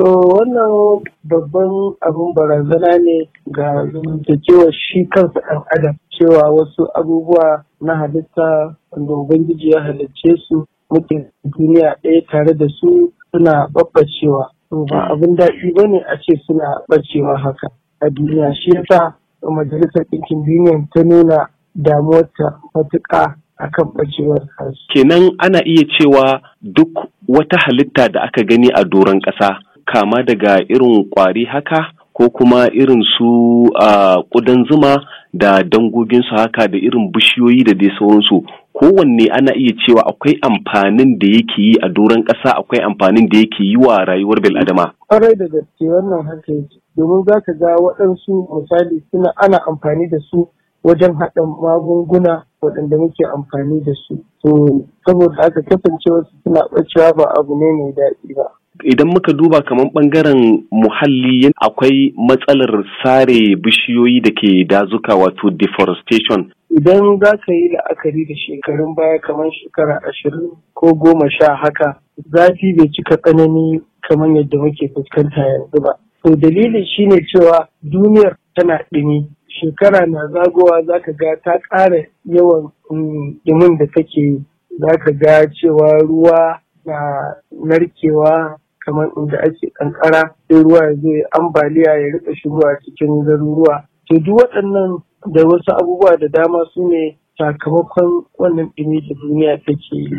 To wannan babban abin barazana ne ga cewa shi kansa ɗan adam cewa wasu abubuwa na halitta wanda Ubangiji ya halicce su muke duniya ɗaya tare da su suna ɓaɓɓacewa. To ba abin daɗi ba ne a ce suna ɓacewa haka a duniya shi yasa majalisar ɗinkin duniya ta nuna damuwarta matuƙa akan ɓacewar kansu. Kenan ana iya cewa duk wata halitta da aka gani a doron ƙasa kama daga irin kwari haka ko kuma irin su a ƙudan zuma da dangoginsu haka da irin bishiyoyi da dai sauransu kowanne ana iya cewa akwai amfanin da yake yi a doron ƙasa akwai amfanin da yake yi wa rayuwar bil'adama. Ƙwarai da gaske wannan haka yake domin za ka ga waɗansu misali suna ana amfani da su wajen haɗa magunguna waɗanda muke amfani da su. To saboda haka kasancewa suna ɓacewa ba abu ne mai daɗi ba. idan muka duba kamar bangaren muhalli akwai matsalar sare bishiyoyi da ke dazuka wato deforestation idan za ka yi la'akari da shekarun baya kamar shekara ashirin ko goma sha haka zafi bai cika tsanani kamar yadda muke fuskanta yanzu ba to dalilin shine cewa duniyar tana ɗumi shekara na zagowa za ka ga ta ƙara yawan mm, ɗumin da take yi za ka ga cewa ruwa na narkewa kamar inda ake kankara sai ruwa ya zo ambaliya ya rika shigowa cikin garuruwa to duk waɗannan da wasu abubuwa da dama su ne sakamakon wannan ɗumi da duniya take yi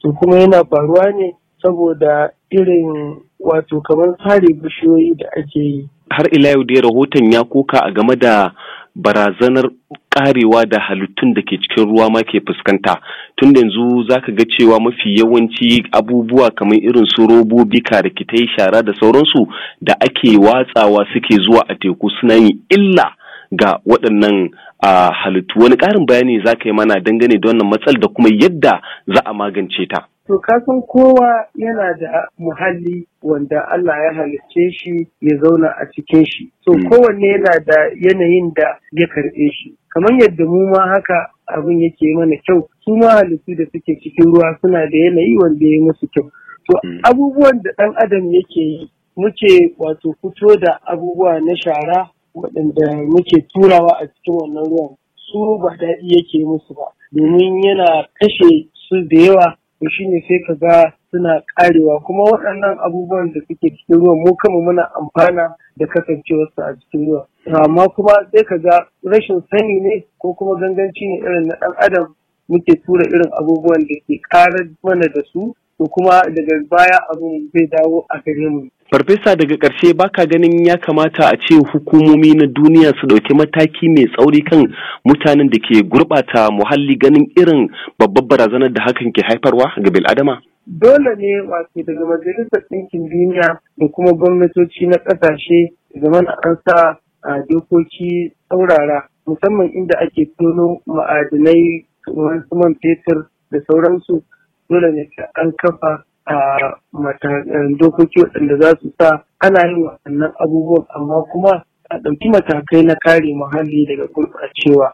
to kuma yana faruwa ne saboda irin wato kamar sare bishiyoyi da ake yi har ila yau dai rahoton ya koka a game da barazanar karewa da halittun da ke cikin ruwa ma ke fuskanta tun da yanzu zaka ga cewa mafi yawanci abubuwa kamar irin su robobi karikitai shara da sauransu da ake watsawa suke zuwa a teku suna yin illa ga waɗannan a halittu wani ƙarin bayani za ka yi mana dangane da wannan matsal da kuma yadda za a magance ta. To kasan kowa yana da muhalli wanda Allah ya halicce shi ya zauna a cikin shi. So hmm. kowanne yana da yanayin da ya karɓe shi. kamar yadda mu ma haka abin yake mana kyau su ma halittu da suke cikin ruwa suna da yanayi wanda ya musu kyau to hmm. abubuwan da ɗan adam yake yi muke wato fito da abubuwa na shara waɗanda muke turawa a cikin wannan ruwan su ba daɗi yake musu ba domin yana kashe su da yawa to shine sai ka ga suna karewa kuma waɗannan abubuwan da suke cikin ruwan mu kama muna amfana da kasancewarsu a cikin ruwan amma kuma sai ka ga rashin sani ne ko kuma ganganci ne irin na ɗan adam muke tura irin abubuwan da ke karar mana da su to kuma daga baya abin zai dawo a gare mu. Farfesa daga ƙarshe baka ganin ya kamata a ce hukumomi na duniya su ɗauki mataki mai tsauri kan mutanen da ke gurɓata muhalli ganin irin babbar barazanar da hakan ke haifarwa ga bil'adama? dole ne wato daga majalisar ɗinkin duniya da kuma gwamnatoci na ƙasashe da mana an sa a dokoki saurara musamman inda ake tono ma'adinai wasu man fetur da sauransu dole ne an kafa a dokoki waɗanda za su sa ana yin waɗannan abubuwan amma kuma a ɗauki matakai na kare muhalli daga gurɓacewa.